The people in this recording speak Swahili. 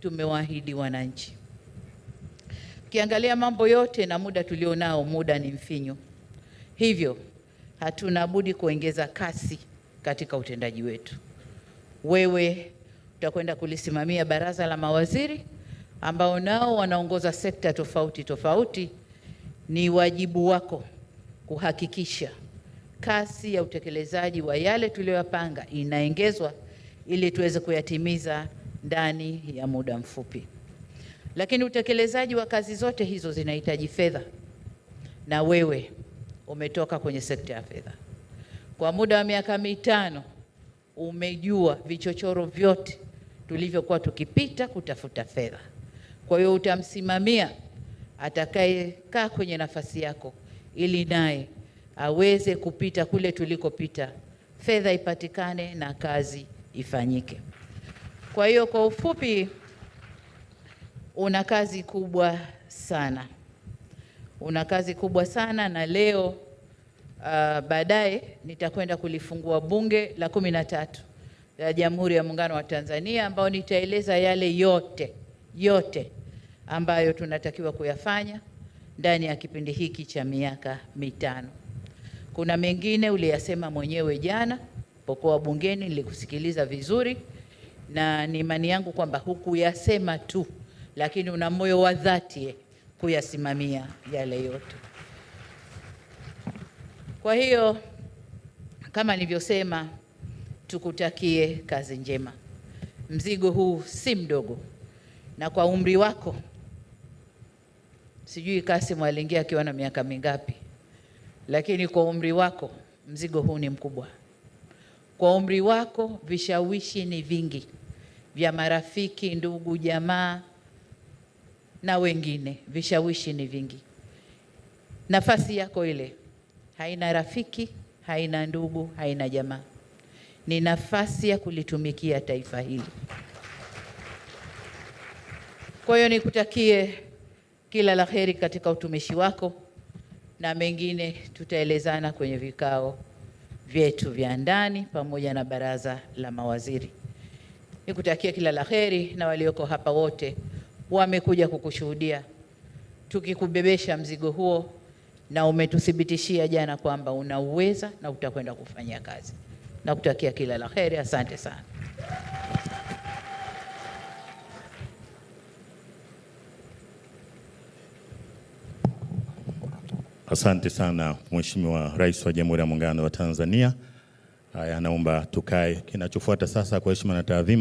Tumewaahidi wananchi. Ukiangalia mambo yote na muda tulionao, muda ni mfinyo, hivyo hatuna budi kuongeza kasi katika utendaji wetu. Wewe utakwenda kulisimamia baraza la mawaziri ambao nao wanaongoza sekta tofauti tofauti. Ni wajibu wako kuhakikisha kasi ya utekelezaji wa yale tuliyoyapanga inaongezwa ili tuweze kuyatimiza ndani ya muda mfupi. Lakini utekelezaji wa kazi zote hizo zinahitaji fedha, na wewe umetoka kwenye sekta ya fedha kwa muda wa miaka mitano, umejua vichochoro vyote tulivyokuwa tukipita kutafuta fedha. Kwa hiyo utamsimamia atakayekaa kwenye nafasi yako, ili naye aweze kupita kule tulikopita, fedha ipatikane na kazi ifanyike. Kwa hiyo kwa ufupi, una kazi kubwa sana, una kazi kubwa sana na leo uh, baadaye nitakwenda kulifungua bunge la kumi na tatu la Jamhuri ya Muungano wa Tanzania, ambao nitaeleza yale yote yote ambayo tunatakiwa kuyafanya ndani ya kipindi hiki cha miaka mitano. Kuna mengine uliyasema mwenyewe jana pokuwa bungeni, nilikusikiliza vizuri na ni imani yangu kwamba hukuyasema tu, lakini una moyo wa dhati kuyasimamia yale yote. Kwa hiyo kama nilivyosema, tukutakie kazi njema. Mzigo huu si mdogo, na kwa umri wako, sijui Kassim aliingia akiwa na miaka mingapi, lakini kwa umri wako mzigo huu ni mkubwa. Kwa umri wako vishawishi ni vingi vya marafiki, ndugu, jamaa na wengine. Vishawishi ni vingi. Nafasi yako ile haina rafiki, haina ndugu, haina jamaa. Ni nafasi ya kulitumikia taifa hili. Kwa hiyo nikutakie kila la heri katika utumishi wako, na mengine tutaelezana kwenye vikao vyetu vya ndani pamoja na baraza la mawaziri nikutakia kila la heri, na walioko hapa wote wamekuja kukushuhudia tukikubebesha mzigo huo, na umetuthibitishia jana kwamba unauweza na utakwenda kufanya kazi. Nakutakia kila la heri, asante sana. Asante sana Mheshimiwa Rais wa Jamhuri ya Muungano wa Tanzania. Haya, naomba tukae. Kinachofuata sasa, kwa heshima na taadhima